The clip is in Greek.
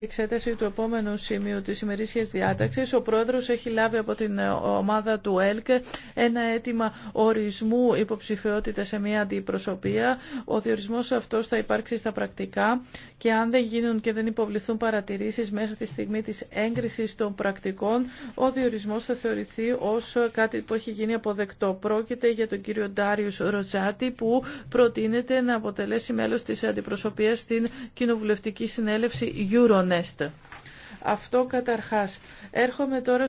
εξέταση του επόμενου σημείου της ημερήσιας διάταξης. Ο Πρόεδρος έχει λάβει από την ε, ομάδα του ΕΛΚ ένα αίτημα ορισμού υποψηφιότητα σε μια αντιπροσωπεία. Ο διορισμός αυτός θα υπάρξει στα πρακτικά και αν δεν γίνουν και δεν υποβληθούν παρατηρήσεις μέχρι τη στιγμή της έγκρισης των πρακτικών, ο διορισμός θα θεωρηθεί ως κάτι που έχει γίνει αποδεκτό. Πρόκειται για τον κύριο Ντάριο Ροζάτη που προτείνεται να αποτελέσει μέλος της αντιπροσωπείας στην Κοινοβουλευτική Συνέλευση Euron. Αυτό καταρχάς. Έρχομαι τώρα